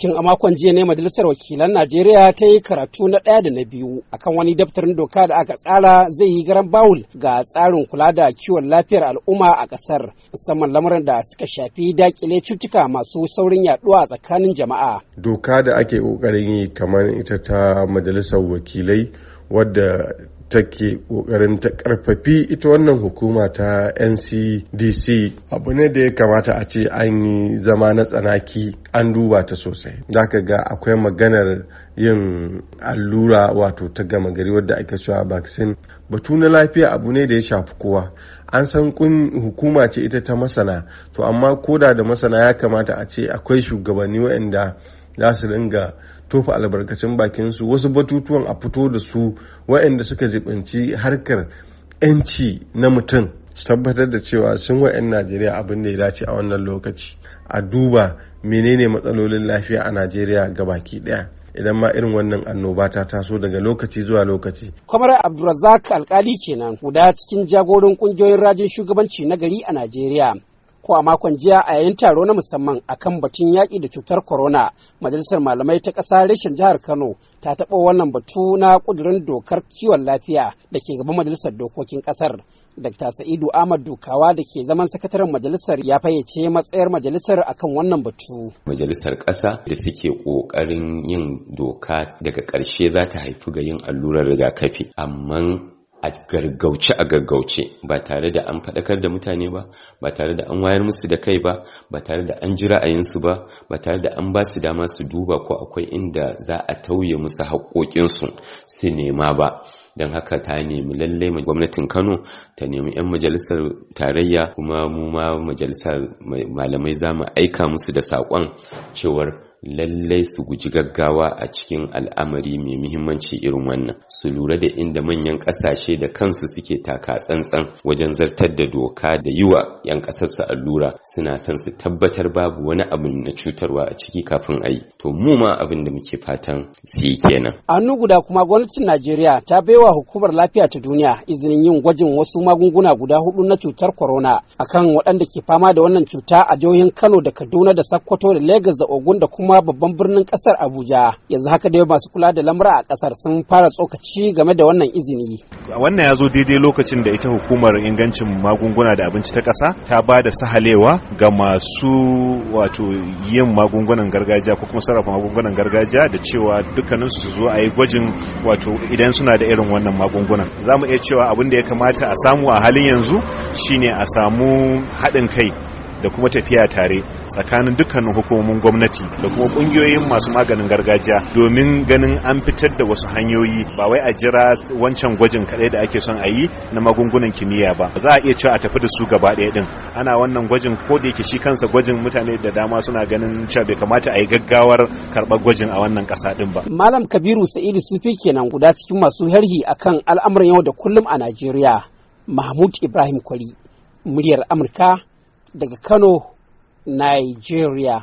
Cin a makon jiya ne Majalisar Wakilan Najeriya ta yi karatu na ɗaya da na biyu akan wani daftarin doka da aka tsara zai yi garan bawul ga tsarin kula da kiwon lafiyar al'umma a ƙasar musamman lamuran da suka shafi dakile cutuka masu saurin yaduwa tsakanin jama'a. Doka da ake ƙoƙarin yi kamar ita ta Majalisar Wakilai wadda take kokarin ta karfafi ita wannan hukuma ta ncdc abu ne da ya kamata a ce an yi zama na tsanaki an duba ta sosai za ka ga akwai maganar yin allura wato ta gama gari wadda aka cewa vaccine batu na lafiya abu ne da ya shafi kowa an san kun hukuma ce ita ta masana to amma koda da masana ya kamata a ce akwai shugabanni waɗanda za su ringa tofa albarkacin bakinsu wasu batutuwan a fito da su waɗanda suka jibinci harkar 'yanci na mutum su tabbatar da cewa sun wa'yan najeriya abin da ya dace a wannan lokaci a duba menene matsalolin lafiya a najeriya ga baki ɗaya idan ma irin wannan annoba ta taso daga lokaci zuwa lokaci. Kwamar Abdulrazak alkali kenan guda cikin jagoran kungiyoyin rajin shugabanci na gari a Najeriya ko a makon jiya a yayin taro na musamman akan batun yaƙi da cutar corona majalisar malamai ta ƙasa reshen jihar kano ta taɓa wannan batu na ƙudurin dokar kiwon lafiya da ke gaban majalisar dokokin ƙasar dr sa'idu ahmad dukawa da ke zaman sakataren majalisar ya fayyace matsayar majalisar akan wannan batu majalisar ƙasa da suke ƙoƙarin yin doka daga ƙarshe za ta haifi ga yin allurar rigakafi amma a gargauce a gaggauce ba tare da an faɗakar da mutane ba ba tare da an wayar musu da kai ba ba tare da an ji ra'ayinsu ba ba tare da an ba su dama su duba ko akwai inda za a tauye musu haƙoƙinsu su nema ba don haka ta nemi lalle gwamnatin kano ta nemi 'yan majalisar tarayya kuma mu ma majalisar malamai za mu aika musu da saƙon cewar lallai su guji gaggawa a cikin al'amari mai muhimmanci irin wannan su lura da inda manyan ƙasashe da kansu suke taka tsantsan wajen zartar da doka da yiwa 'yan 'yan ƙasarsu allura suna son su tabbatar babu wani abu na cutarwa a ciki kafin a yi to mu ma abin da muke fatan su yi kenan a guda kuma gwamnatin najeriya ta baiwa hukumar lafiya ta duniya izinin yin gwajin wasu magunguna guda hudu na cutar corona akan waɗanda ke fama da wannan cuta a jihohin kano da kaduna da sokoto da lagos da ogun da kuma kuma babban birnin kasar Abuja. Yanzu haka dai masu kula da lamura a kasar sun fara tsokaci game da wannan izini. Wannan ya zo daidai lokacin da ita hukumar ingancin magunguna da abinci ta kasa ta ba da sahalewa ga masu wato yin magungunan gargajiya ko kuma sarrafa magungunan gargajiya da cewa dukkaninsu su zo a yi gwajin wato idan suna da irin wannan magungunan. Za mu iya cewa abin da ya kamata a samu a halin yanzu shine a samu haɗin kai da kuma tafiya tare tsakanin dukkanin hukumomin gwamnati da kuma kungiyoyin masu maganin gargajiya domin ganin an fitar da wasu hanyoyi ba wai a jira wancan gwajin kadai da ake son a yi na magungunan kimiyya ba za a iya cewa a tafi da su gaba ɗaya din ana wannan gwajin ko da yake shi kansa gwajin mutane da dama suna ganin cewa bai kamata a yi gaggawar karɓar gwajin a wannan ƙasa din ba malam kabiru sa'idu sufi kenan guda cikin masu harhi akan al'amuran yau da kullum a najeriya mahmud ibrahim kwari muryar amurka daga Kano, Nigeria.